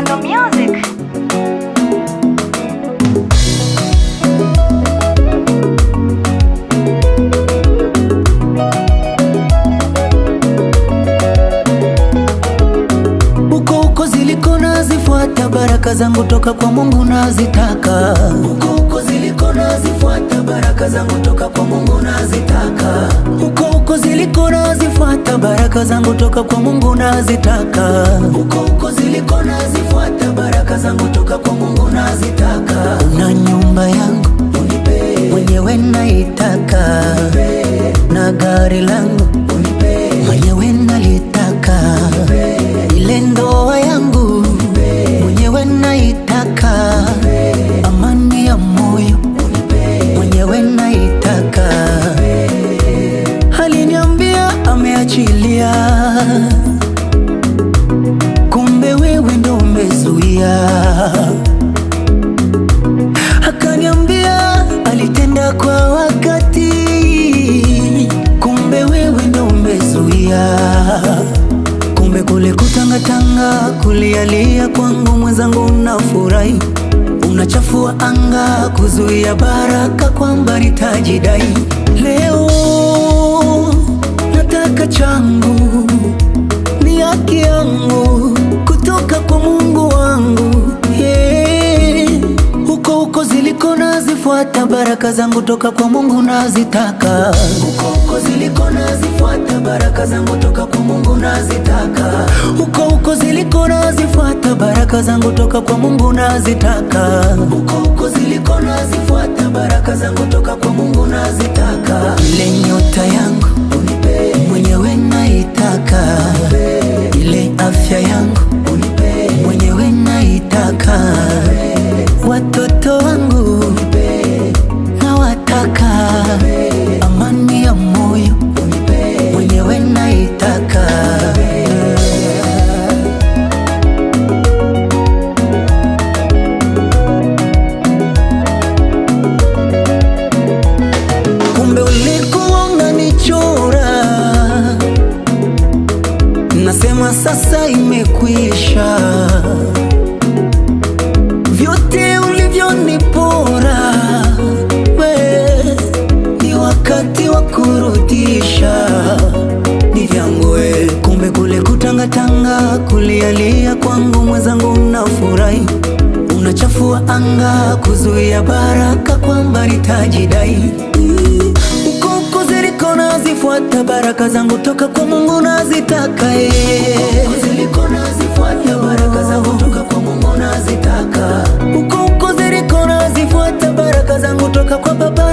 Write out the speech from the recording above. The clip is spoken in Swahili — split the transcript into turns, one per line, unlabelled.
Orlando Music. Uko uko ziliko nazifuata baraka zangu toka kwa Mungu nazitaka
uko uko baraka zangu toka kwa Mungu nazitaka,
huko huko ziliko nazifuata, baraka zangu toka kwa Mungu nazitaka,
huko huko ziliko nazifuata, baraka zangu toka kwa Mungu nazitaka.
Una nyumba yangu unipe mwenyewe naitaka, na gari langu dunia. Akaniambia alitenda kwa wakati, kumbe wewe ndo umezuia. Kumbe kule kutangatanga, kulialia kwangu mwenzangu, unafurahi unachafua anga, kuzuia baraka kwamba nitajidai. zilifuata baraka zangu toka kwa Mungu nazitaka.
huko uko ziliko nazifuata, baraka zangu toka kwa Mungu nazitaka.
huko huko ziliko nazifuata, baraka zangu toka kwa Mungu nazitaka.
huko huko ziliko nazifuata, baraka zangu toka kwa Mungu nazitaka.
Ile nyota yangu tanga kulialia kwangu mwenzangu, mnafurahi unachafua anga, kuzuia baraka kwamba nitajidai ukoko ziliko nazifuata baraka zangu toka kwa Mungu nazitaka ukoko
ziliko nazifuata baraka zangu
toka kwa Baba